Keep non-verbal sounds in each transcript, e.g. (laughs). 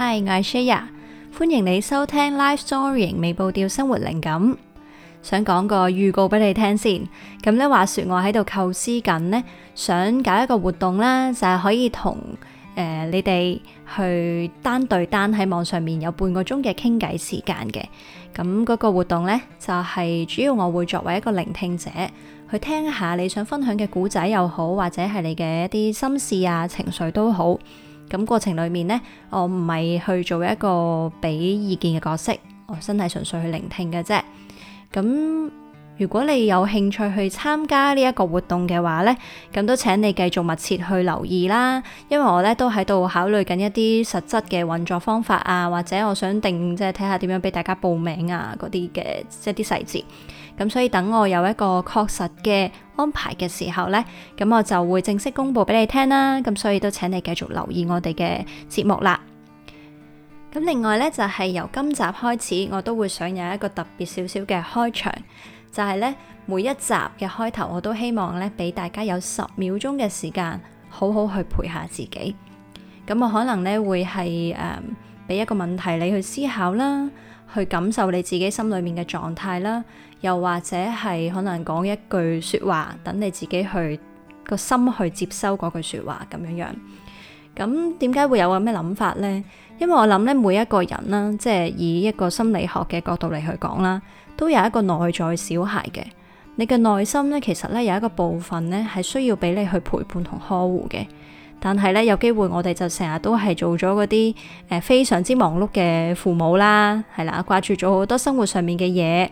Hi，我係 Shara，歡迎你收聽 Life Story 未報掉生活靈感。想講個預告俾你聽先。咁咧話說，我喺度構思緊呢？想搞一個活動啦，就係、是、可以同誒、呃、你哋去單對單喺網上面有半個鐘嘅傾偈時間嘅。咁、那、嗰個活動呢，就係、是、主要我會作為一個聆聽者去聽一下你想分享嘅故仔又好，或者係你嘅一啲心事啊、情緒都好。咁過程裏面咧，我唔係去做一個俾意見嘅角色，我真係純粹去聆聽嘅啫。咁。如果你有興趣去參加呢一個活動嘅話呢，咁都請你繼續密切去留意啦。因為我咧都喺度考慮緊一啲實質嘅運作方法啊，或者我想定即係睇下點樣俾大家報名啊嗰啲嘅即係啲細節。咁所以等我有一個確實嘅安排嘅時候呢，咁我就會正式公佈俾你聽啦。咁所以都請你繼續留意我哋嘅節目啦。咁另外呢，就係由今集開始，我都會想有一個特別少少嘅開場。但係咧，每一集嘅開頭，我都希望咧，俾大家有十秒鐘嘅時間，好好去陪下自己。咁我可能咧會係誒，俾、呃、一個問題你去思考啦，去感受你自己心裏面嘅狀態啦，又或者係可能講一句説話，等你自己去個心去接收嗰句説話咁樣樣。咁點解會有咁嘅諗法呢？因為我諗咧每一個人啦，即係以一個心理學嘅角度嚟去講啦，都有一個內在小孩嘅。你嘅內心咧，其實咧有一個部分咧係需要俾你去陪伴同呵護嘅。但係咧有機會，我哋就成日都係做咗嗰啲誒非常之忙碌嘅父母啦，係啦，掛住咗好多生活上面嘅嘢。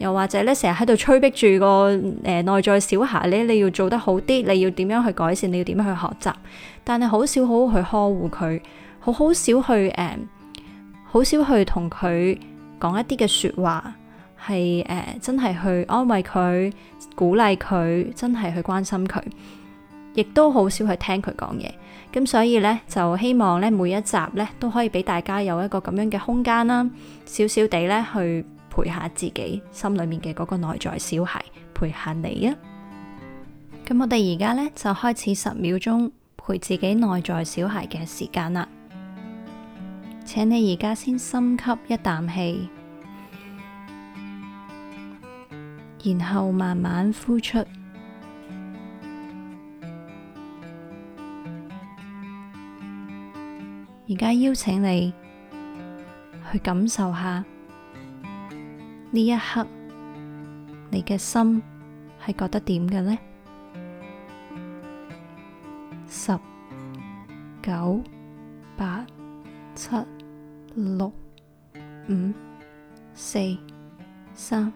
又或者咧，成日喺度催迫住個誒、呃、內在小孩咧，你要做得好啲，你要點樣去改善，你要點樣去學習，但係好少好好去呵護佢，好好少去誒，好、呃、少去同佢講一啲嘅説話，係誒、呃、真係去安慰佢、鼓勵佢，真係去關心佢，亦都好少去聽佢講嘢。咁所以咧，就希望咧每一集咧都可以俾大家有一個咁樣嘅空間啦，少少地咧去。陪下自己心裏面嘅嗰個內在小孩，陪下你啊！咁我哋而家呢，就開始十秒鐘陪自己內在小孩嘅時間啦。請你而家先深吸一啖氣，然後慢慢呼出。而家邀請你去感受下。呢一刻，你嘅心係覺得點嘅呢？十、九、八、七、六、五、四、三、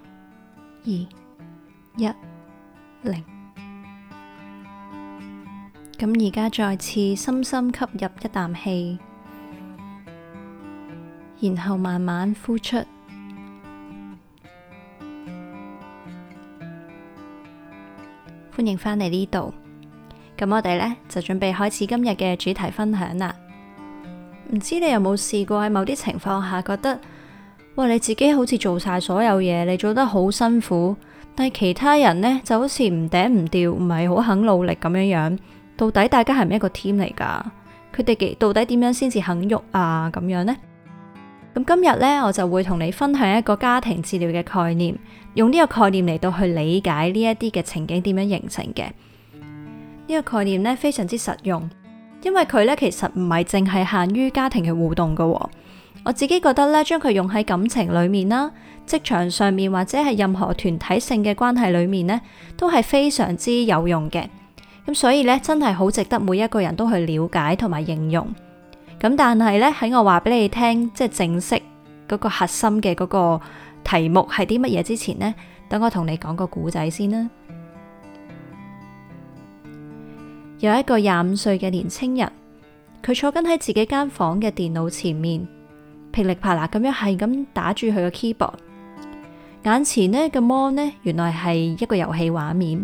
二、一、零。咁而家再次深深吸入一啖氣，然後慢慢呼出。應翻嚟呢度，咁我哋呢，就準備開始今日嘅主題分享啦。唔知你有冇試過喺某啲情況下覺得，哇，你自己好似做晒所有嘢，你做得好辛苦，但係其他人呢，就好似唔頂唔掉，唔係好肯努力咁樣樣。到底大家係咪一個 team 嚟噶？佢哋幾到底點樣先至肯喐啊？咁樣呢？咁今日呢，我就會同你分享一個家庭治療嘅概念，用呢個概念嚟到去理解呢一啲嘅情景點樣形成嘅。呢個概念呢，非常之實用，因為佢呢，其實唔係淨係限於家庭嘅互動㗎喎。我自己覺得呢，將佢用喺感情裡面啦、職場上面或者係任何團體性嘅關係裡面呢，都係非常之有用嘅。咁所以呢，真係好值得每一個人都去了解同埋應用。咁但係咧，喺我話俾你聽，即係正式嗰個核心嘅嗰個題目係啲乜嘢之前呢，等我同你講個古仔先啦。有一個廿五歲嘅年青人，佢坐緊喺自己間房嘅電腦前面，噼里啪啦咁樣係咁打住佢嘅 keyboard。眼前呢嘅 mon 咧，原來係一個遊戲畫面。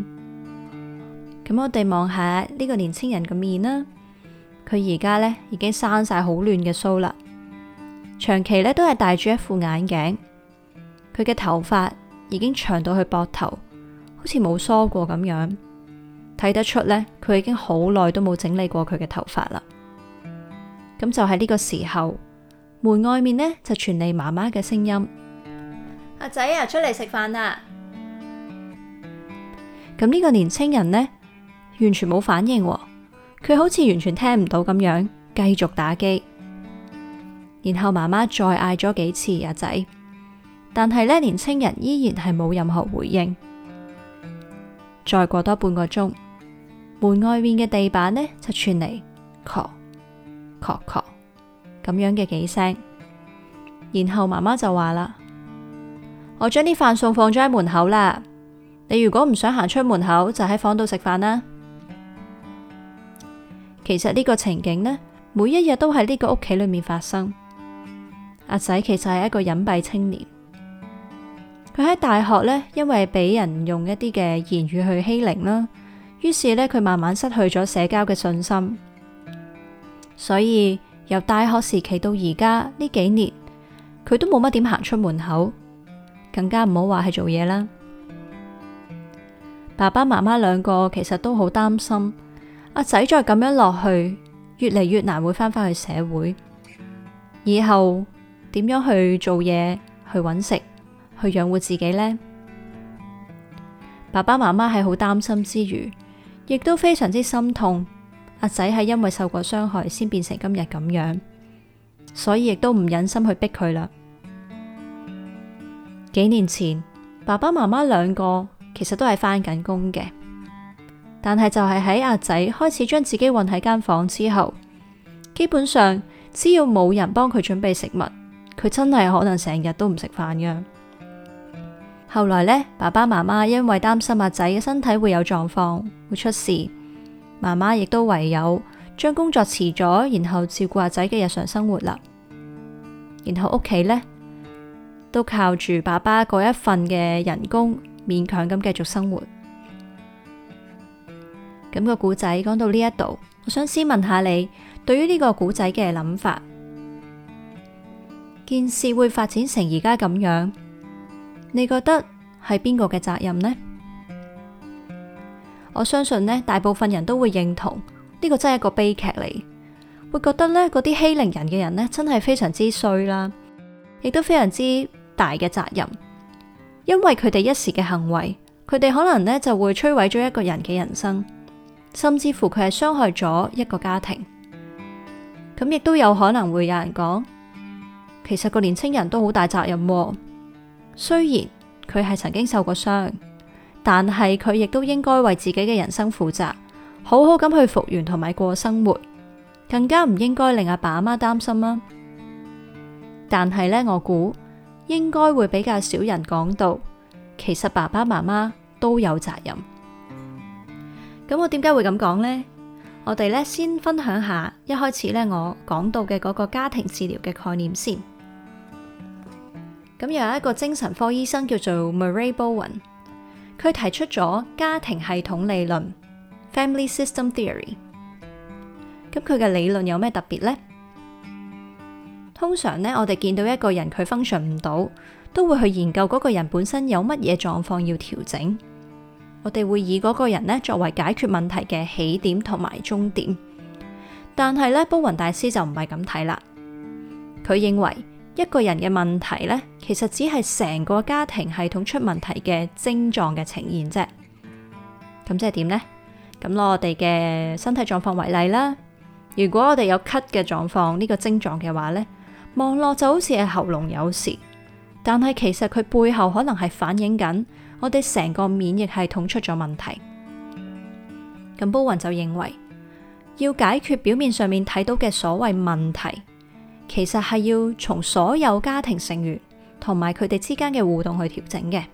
咁我哋望下呢個年青人嘅面啦。佢而家呢已經生晒好亂嘅鬚啦，長期呢都係戴住一副眼鏡，佢嘅頭髮已經長到去膊頭，好似冇梳過咁樣，睇得出呢，佢已經好耐都冇整理過佢嘅頭髮啦。咁就喺呢個時候，門外面呢就傳嚟媽媽嘅聲音：阿仔啊，出嚟食飯啦！咁呢個年青人呢，完全冇反應。佢好似完全聽唔到咁樣，繼續打機。然後媽媽再嗌咗幾次阿仔，但係呢年青人依然係冇任何回應。再過多半個鐘，門外面嘅地板呢就傳嚟 call call call 咁樣嘅幾聲。然後媽媽就話啦：我將啲飯餸放咗喺門口啦，你如果唔想行出門口，就喺房度食飯啦。其實呢個情景呢，每一日都喺呢個屋企裏面發生。阿仔其實係一個隱蔽青年，佢喺大學呢，因為俾人用一啲嘅言語去欺凌啦，於是呢，佢慢慢失去咗社交嘅信心，所以由大學時期到而家呢幾年，佢都冇乜點行出門口，更加唔好話係做嘢啦。爸爸媽媽兩個其實都好擔心。阿仔再咁樣落去，越嚟越難會返返去社會，以後點樣去做嘢、去揾食、去養活自己呢？爸爸媽媽係好擔心之餘，亦都非常之心痛。阿仔係因為受過傷害，先變成今日咁樣，所以亦都唔忍心去逼佢啦。幾年前，爸爸媽媽兩個其實都係返緊工嘅。但係就係喺阿仔開始將自己困喺間房之後，基本上只要冇人幫佢準備食物，佢真係可能成日都唔食飯嘅。後來呢，爸爸媽媽因為擔心阿仔嘅身體會有狀況會出事，媽媽亦都唯有將工作辭咗，然後照顧阿仔嘅日常生活啦。然後屋企呢，都靠住爸爸嗰一份嘅人工，勉強咁繼續生活。咁個古仔講到呢一度，我想先問下你對於呢個古仔嘅諗法，件事會發展成而家咁樣，你覺得係邊個嘅責任呢？我相信呢，大部分人都會認同呢個真係一個悲劇嚟，會覺得呢嗰啲欺凌人嘅人呢，真係非常之衰啦，亦都非常之大嘅責任，因為佢哋一時嘅行為，佢哋可能呢就會摧毀咗一個人嘅人生。甚至乎佢係傷害咗一個家庭，咁亦都有可能會有人講，其實個年輕人都好大責任啊。雖然佢係曾經受過傷，但係佢亦都應該為自己嘅人生負責，好好咁去復原同埋過生活，更加唔應該令阿爸阿媽擔心啦。但係呢，我估應該會比較少人講到，其實爸爸媽媽都有責任。咁我點解會咁講呢？我哋呢先分享下一開始呢我講到嘅嗰個家庭治療嘅概念先。咁又有一個精神科醫生叫做 Murray Bowen，佢提出咗家庭系統理論 （Family System Theory）。咁佢嘅理論有咩特別呢？通常呢，我哋見到一個人佢 function 唔到，都會去研究嗰個人本身有乜嘢狀況要調整。我哋會以嗰個人呢作為解決問題嘅起點同埋終點，但係呢，波雲大師就唔係咁睇啦。佢認為一個人嘅問題呢，其實只係成個家庭系統出問題嘅症狀嘅呈現啫。咁即係點呢？咁攞我哋嘅身體狀況為例啦。如果我哋有咳嘅狀況呢、呢個症狀嘅話呢，望落就好似係喉嚨有事。但係其實佢背後可能係反映緊我哋成個免疫系統出咗問題。咁波云就認為要解決表面上面睇到嘅所謂問題，其實係要從所有家庭成員同埋佢哋之間嘅互動去調整嘅，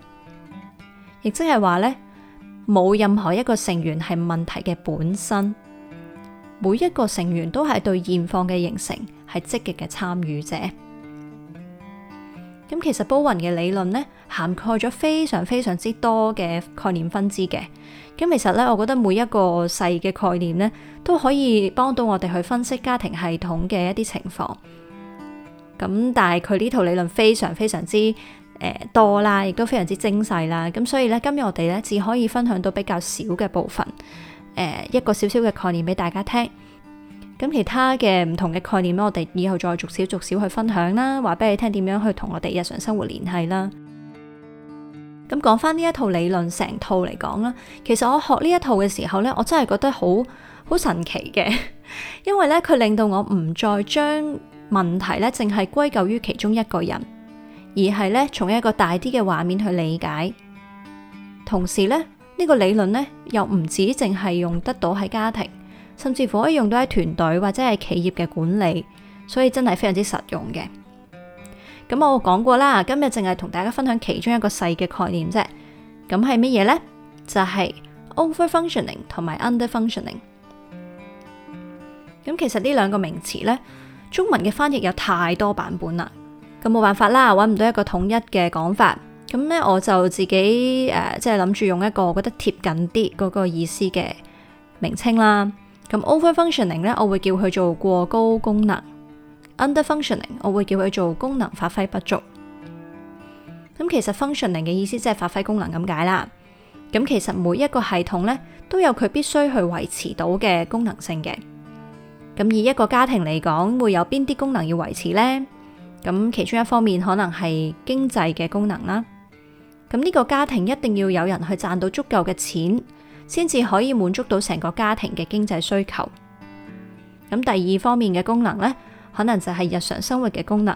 亦即係話呢冇任何一個成員係問題嘅本身，每一個成員都係對現況嘅形成係積極嘅參與者。咁其實波雲嘅理論呢，涵蓋咗非常非常之多嘅概念分支嘅。咁其實呢，我覺得每一個細嘅概念呢，都可以幫到我哋去分析家庭系統嘅一啲情況。咁但係佢呢套理論非常非常之誒、呃、多啦，亦都非常之精細啦。咁所以呢，今日我哋呢，只可以分享到比較少嘅部分，誒、呃、一個小小嘅概念俾大家聽。咁其他嘅唔同嘅概念咧，我哋以後再逐少逐少去分享啦，話俾你聽點樣去同我哋日常生活聯繫啦。咁講翻呢一套理論成套嚟講啦，其實我學呢一套嘅時候咧，我真係覺得好好神奇嘅， (laughs) 因為咧，佢令到我唔再將問題咧淨係歸咎於其中一個人，而係咧從一個大啲嘅畫面去理解。同時咧，呢個理論咧又唔止淨係用得到喺家庭。甚至乎可以用到喺團隊或者係企業嘅管理，所以真係非常之實用嘅。咁我講過啦，今日淨係同大家分享其中一個細嘅概念啫。咁係乜嘢呢？就係 over functioning 同埋 under functioning。咁其實呢兩個名詞呢，中文嘅翻譯有太多版本啦，咁冇辦法啦，揾唔到一個統一嘅講法。咁呢，我就自己誒，即係諗住用一個我覺得貼近啲嗰個意思嘅名稱啦。咁 overfunctioning 咧，Over ing，我會叫佢做過高功能；underfunctioning，我會叫佢做功能發揮不足。咁其實 functioning 嘅意思即係發揮功能咁解啦。咁其實每一個系統咧都有佢必須去維持到嘅功能性嘅。咁以一個家庭嚟講，會有邊啲功能要維持呢？咁其中一方面可能係經濟嘅功能啦。咁、這、呢個家庭一定要有人去賺到足夠嘅錢。先至可以滿足到成個家庭嘅經濟需求。咁第二方面嘅功能呢，可能就係日常生活嘅功能。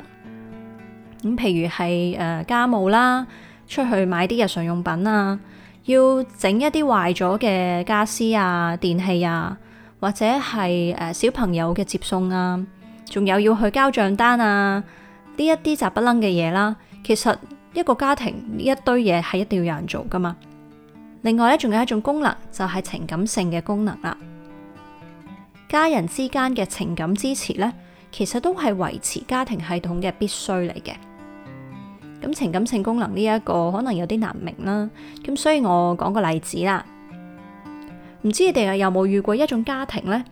咁譬如係誒、呃、家務啦，出去買啲日常用品啊，要整一啲壞咗嘅家私啊、電器啊，或者係誒、呃、小朋友嘅接送啊，仲有要去交帳單啊，呢一啲雜不楞嘅嘢啦。其實一個家庭呢一堆嘢係一定要有人做㗎嘛。另外咧，仲有一種功能就係情感性嘅功能啦。家人之間嘅情感支持呢，其實都係維持家庭系統嘅必須嚟嘅。咁情感性功能呢一個可能有啲難明啦。咁所以我講個例子啦，唔知你哋有冇遇過一種家庭呢？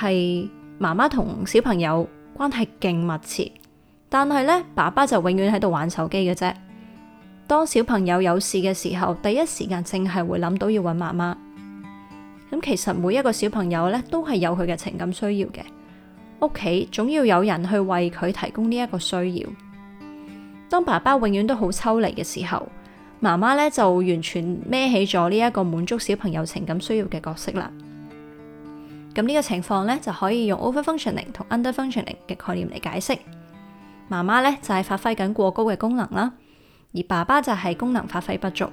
係媽媽同小朋友關係勁密切，但係呢爸爸就永遠喺度玩手機嘅啫。當小朋友有事嘅時候，第一時間淨係會諗到要搵媽媽。咁其實每一個小朋友呢都係有佢嘅情感需要嘅，屋企總要有人去為佢提供呢一個需要。當爸爸永遠都好抽離嘅時候，媽媽呢就完全孭起咗呢一個滿足小朋友情感需要嘅角色啦。咁呢個情況呢，就可以用 overfunctioning 同 underfunctioning 嘅概念嚟解釋。媽媽呢，就係發揮緊過高嘅功能啦。而爸爸就係功能發揮不足。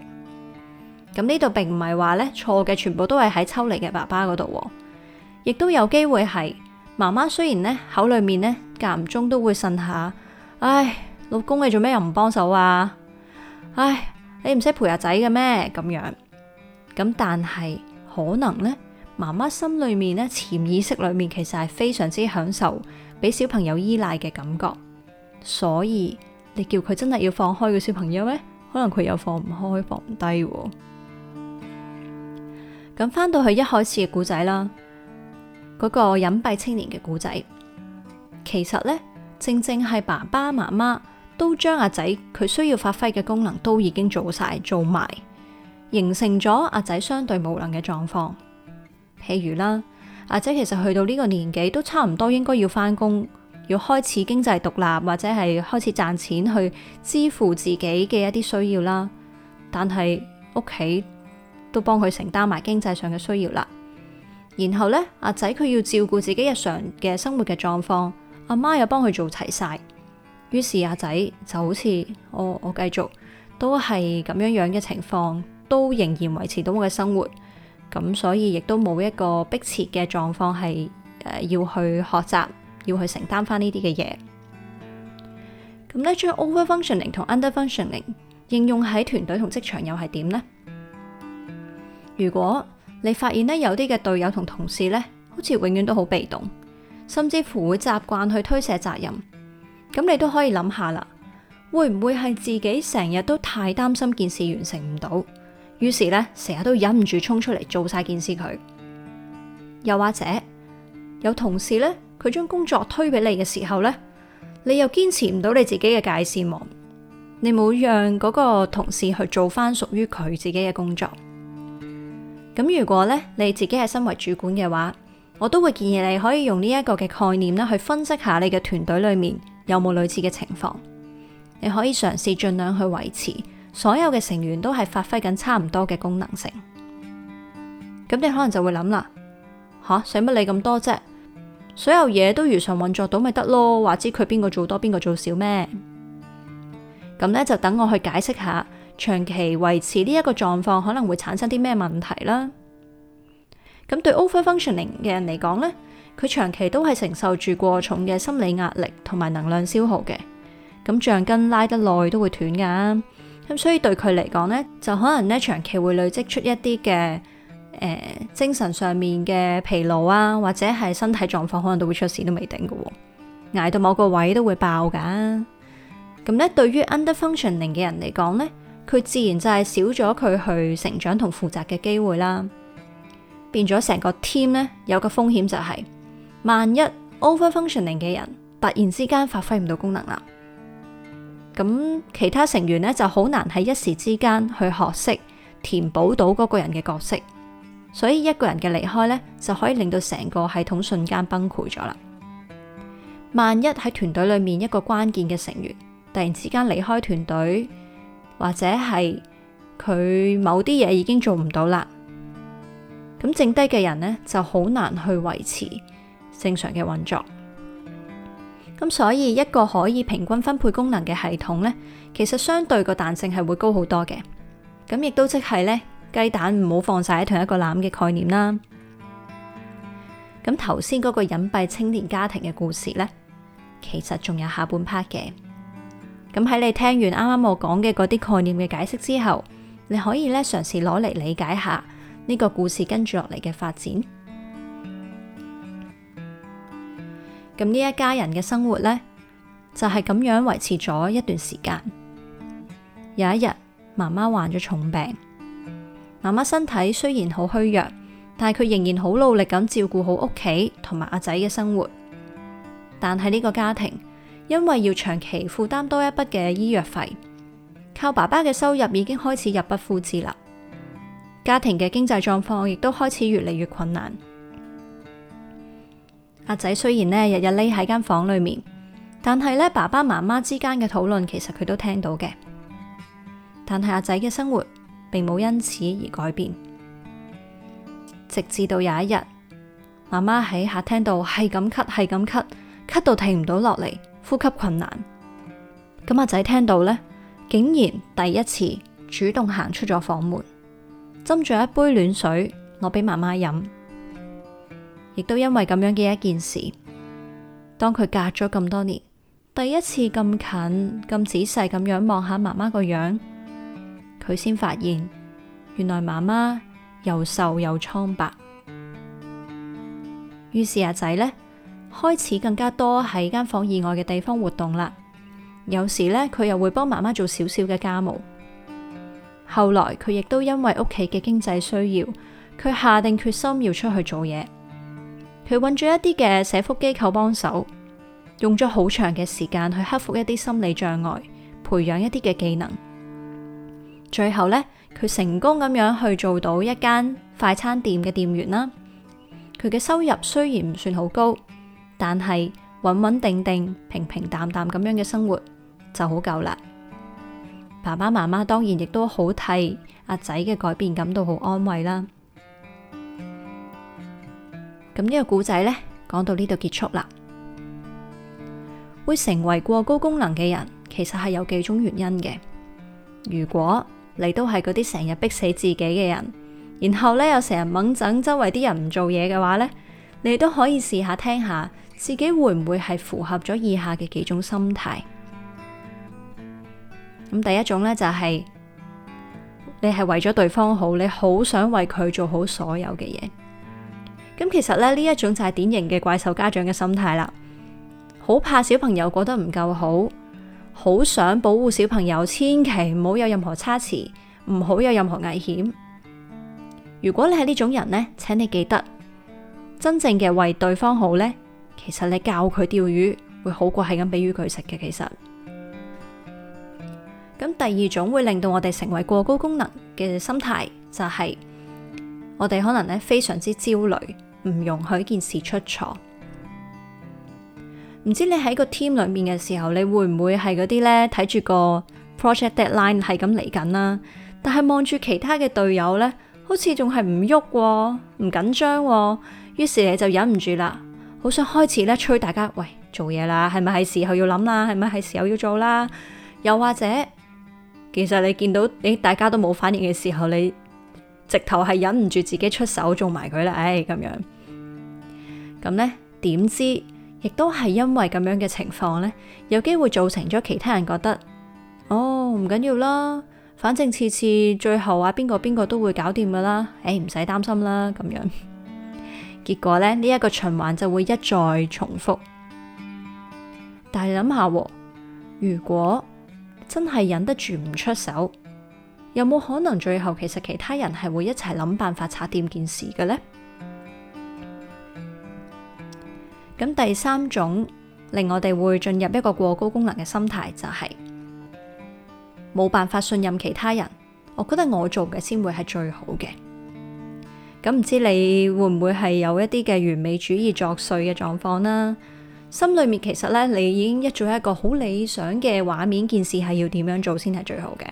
咁呢度並唔係話呢錯嘅全部都係喺抽離嘅爸爸嗰度，亦都有機會係媽媽雖然呢口裏面呢間唔中都會呻下，唉，老公你做咩又唔幫手啊？唉，你唔使陪阿仔嘅咩？咁樣，咁但係可能呢，媽媽心裏面呢，潛意識裏面其實係非常之享受俾小朋友依賴嘅感覺，所以。你叫佢真係要放開個小朋友咩？可能佢又放唔開，放唔低喎。咁翻到去一開始嘅故仔啦，嗰個隱蔽青年嘅故仔，其實呢，正正係爸爸媽媽都將阿仔佢需要發揮嘅功能都已經做晒做埋，形成咗阿仔相對冇能嘅狀況。譬如啦，阿仔其實去到呢個年紀都差唔多應該要翻工。要開始經濟獨立，或者係開始賺錢去支付自己嘅一啲需要啦。但係屋企都幫佢承擔埋經濟上嘅需要啦。然後呢，阿仔佢要照顧自己日常嘅生活嘅狀況，阿媽又幫佢做齊晒。於是阿仔就好似我，我繼續都係咁樣樣嘅情況，都仍然維持到我嘅生活咁，所以亦都冇一個迫切嘅狀況係、呃、要去學習。要去承擔翻呢啲嘅嘢。咁呢將 overfunctioning 同 underfunctioning 應用喺團隊同職場又係點呢？如果你發現呢，有啲嘅隊友同同事呢，好似永遠都好被動，甚至乎會習慣去推卸責任，咁你都可以諗下啦，會唔會係自己成日都太擔心件事完成唔到，於是呢，成日都忍唔住衝出嚟，做晒件事佢？又或者有同事呢？佢將工作推俾你嘅時候呢，你又堅持唔到你自己嘅界綫嘛？你冇讓嗰個同事去做翻屬於佢自己嘅工作。咁如果呢，你自己係身為主管嘅話，我都會建議你可以用呢一個嘅概念啦，去分析下你嘅團隊裏面有冇類似嘅情況。你可以嘗試盡量去維持所有嘅成員都係發揮緊差唔多嘅功能性。咁你可能就會諗啦，吓使乜理咁多啫？所有嘢都如常運作到咪得咯，話知佢邊個做多邊個做少咩？咁呢，就等我去解釋下，長期維持呢一個狀況可能會產生啲咩問題啦。咁對 overfunctioning 嘅人嚟講呢，佢長期都係承受住過重嘅心理壓力同埋能量消耗嘅，咁橡筋拉得耐都會斷噶。咁所以對佢嚟講呢，就可能呢長期會累積出一啲嘅。誒，精神上面嘅疲勞啊，或者係身體狀況，可能都會出事都、啊，都未定噶。捱到某個位都會爆噶、啊。咁咧，對於 underfunctioning 嘅人嚟講咧，佢自然就係少咗佢去成長同負責嘅機會啦。變咗成個 team 咧，有個風險就係、是、萬一 overfunctioning 嘅人突然之間發揮唔到功能啦，咁其他成員咧就好難喺一時之間去學識填補到嗰個人嘅角色。所以一個人嘅離開呢，就可以令到成個系統瞬間崩潰咗啦。萬一喺團隊裏面一個關鍵嘅成員突然之間離開團隊，或者係佢某啲嘢已經做唔到啦，咁剩低嘅人呢，就好難去維持正常嘅運作。咁所以一個可以平均分配功能嘅系統呢，其實相對個彈性係會高好多嘅。咁亦都即係呢。雞蛋唔好放晒喺同一個籃嘅概念啦。咁頭先嗰個隱蔽青年家庭嘅故事呢，其實仲有下半 part 嘅。咁喺你聽完啱啱我講嘅嗰啲概念嘅解釋之後，你可以呢嘗試攞嚟理解下呢個故事跟住落嚟嘅發展。咁呢一家人嘅生活呢，就係咁樣維持咗一段時間。有一日，媽媽患咗重病。媽媽身體雖然好虛弱，但係佢仍然好努力咁照顧好屋企同埋阿仔嘅生活。但係呢個家庭因為要長期負擔多一筆嘅醫藥費，靠爸爸嘅收入已經開始入不敷支啦。家庭嘅經濟狀況亦都開始越嚟越困難。阿仔雖然呢日日匿喺間房裏面，但係呢爸爸媽媽之間嘅討論其實佢都聽到嘅。但係阿仔嘅生活。並冇因此而改變，直至到有一日，媽媽喺客廳度係咁咳，係咁咳，咳到停唔到落嚟，呼吸困難。咁阿仔聽到呢，竟然第一次主動行出咗房門，斟住一杯暖水攞俾媽媽飲，亦都因為咁樣嘅一件事，當佢隔咗咁多年，第一次咁近咁仔細咁樣望下媽媽個樣。佢先發現原來媽媽又瘦又蒼白，於是阿仔呢，開始更加多喺間房以外嘅地方活動啦。有時呢，佢又會幫媽媽做少少嘅家務。後來佢亦都因為屋企嘅經濟需要，佢下定決心要出去做嘢。佢揾咗一啲嘅社福機構幫手，用咗好長嘅時間去克服一啲心理障礙，培養一啲嘅技能。最後呢，佢成功咁樣去做到一間快餐店嘅店員啦。佢嘅收入雖然唔算好高，但係穩穩定定、平平淡淡咁樣嘅生活就好夠啦。爸爸媽媽當然亦都好替阿仔嘅改變感到好安慰啦。咁呢個故仔呢，講到呢度結束啦。會成為過高功能嘅人，其實係有幾種原因嘅。如果你都係嗰啲成日逼死自己嘅人，然後咧又成日猛整周圍啲人唔做嘢嘅話咧，你都可以試下聽下，自己會唔會係符合咗以下嘅幾種心態？咁第一種咧就係、是、你係為咗對方好，你好想為佢做好所有嘅嘢。咁其實咧呢一種就係典型嘅怪獸家長嘅心態啦，好怕小朋友過得唔夠好。好想保護小朋友，千祈唔好有任何差池，唔好有任何危險。如果你係呢種人呢，請你記得真正嘅為對方好呢，其實你教佢釣魚會好過係咁俾魚佢食嘅。其實咁第二種會令到我哋成為過高功能嘅心態，就係、是、我哋可能呢非常之焦慮，唔容許件事出錯。唔知你喺個 team 裏面嘅時候，你會唔會係嗰啲呢？睇住個 project deadline 係咁嚟緊啦？但係望住其他嘅隊友呢，好似仲係唔喐，唔緊張。於是你就忍唔住啦，好想開始呢，催大家：喂，做嘢啦，係咪係時候要諗啦？係咪係時候要做啦？又或者，其實你見到你大家都冇反應嘅時候，你直頭係忍唔住自己出手做埋佢啦？唉，咁樣咁呢？點知？亦都係因為咁樣嘅情況呢，有機會造成咗其他人覺得哦，唔緊要啦，反正次次最後啊，邊個邊個都會搞掂噶啦，誒，唔使擔心啦咁樣。結果呢，呢一個循環就會一再重複。但係諗下，如果真係忍得住唔出手，有冇可能最後其實其他人係會一齊諗辦法拆掂件事嘅呢？咁第三種令我哋會進入一個過高功能嘅心態，就是，就係冇辦法信任其他人。我覺得我做嘅先會係最好嘅。咁唔知你會唔會係有一啲嘅完美主義作祟嘅狀況啦？心裏面其實咧，你已經一做一個好理想嘅畫面，件事係要點樣做先係最好嘅。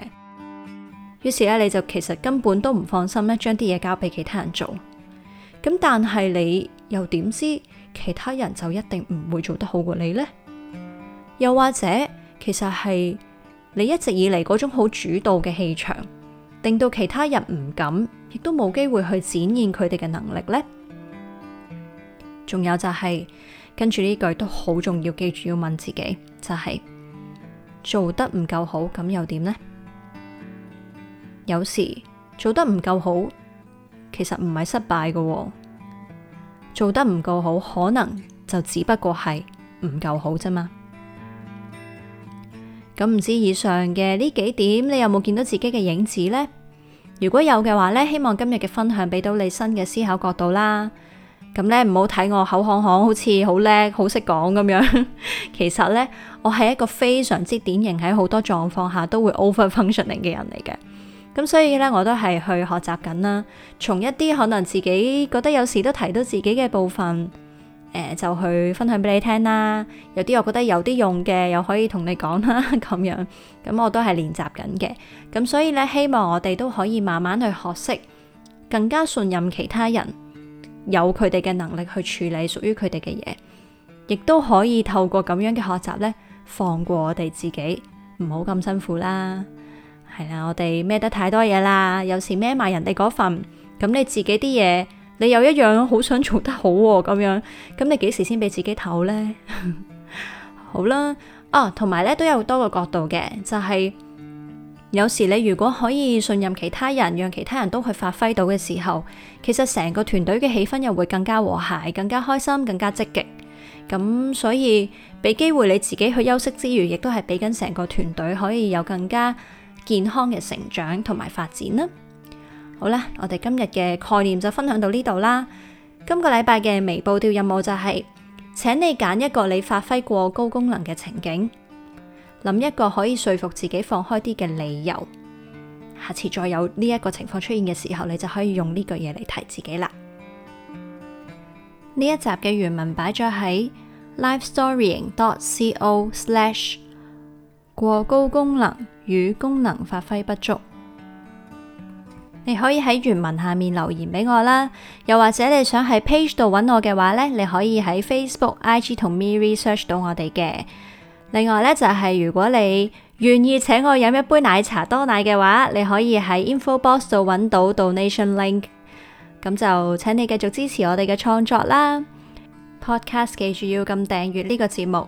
於是咧，你就其實根本都唔放心咧，將啲嘢交俾其他人做。咁但係你又點知？其他人就一定唔會做得好過你呢？又或者其實係你一直以嚟嗰種好主導嘅氣場，令到其他人唔敢，亦都冇機會去展現佢哋嘅能力呢？仲有就係、是、跟住呢句都好重要，記住要問自己，就係、是、做得唔夠好咁又點呢？有時做得唔夠好，其實唔係失敗㗎、哦。做得唔夠好，可能就只不過係唔夠好啫嘛。咁唔知以上嘅呢幾點，你有冇見到自己嘅影子呢？如果有嘅話呢，希望今日嘅分享俾到你新嘅思考角度啦。咁呢，唔好睇我口響響，好似好叻、好識講咁樣。其實呢，我係一個非常之典型喺好多狀況下都會 overfunctioning 嘅人嚟嘅。咁所以咧，我都係去學習緊啦。從一啲可能自己覺得有時都提到自己嘅部分，誒、呃，就去分享俾你聽啦。有啲我覺得有啲用嘅，又可以同你講啦，咁樣。咁我都係練習緊嘅。咁所以咧，希望我哋都可以慢慢去學識，更加信任其他人，有佢哋嘅能力去處理屬於佢哋嘅嘢，亦都可以透過咁樣嘅學習咧，放過我哋自己，唔好咁辛苦啦。係啦，我哋孭得太多嘢啦，有時孭埋人哋嗰份咁，你自己啲嘢，你有一樣好想做得好咁、哦、樣，咁你幾時先俾自己唞呢？ (laughs) 好啦，啊，同埋咧都有多個角度嘅，就係、是、有時你如果可以信任其他人，讓其他人都去發揮到嘅時候，其實成個團隊嘅氣氛又會更加和諧，更加開心，更加積極。咁所以俾機會你自己去休息之餘，亦都係俾緊成個團隊可以有更加。健康嘅成長同埋發展啦。好啦，我哋今日嘅概念就分享到呢度啦。今個禮拜嘅微步調任務就係、是，請你揀一個你發揮過高功能嘅情景，諗一個可以說服自己放開啲嘅理由。下次再有呢一個情況出現嘅時候，你就可以用呢句嘢嚟提自己啦。呢一集嘅原文擺咗喺 livestorying.dot.co/slash。過高功能與功能發揮不足。你可以喺原文下面留言俾我啦，又或者你想喺 page 度揾我嘅話呢，你可以喺 Facebook、IG 同 Me Research 到我哋嘅。另外呢，就係、是、如果你願意請我飲一杯奶茶多奶嘅話，你可以喺 Info Box 度揾到 Donation Link，咁就請你繼續支持我哋嘅創作啦。Podcast 記住要撳訂閱呢個節目。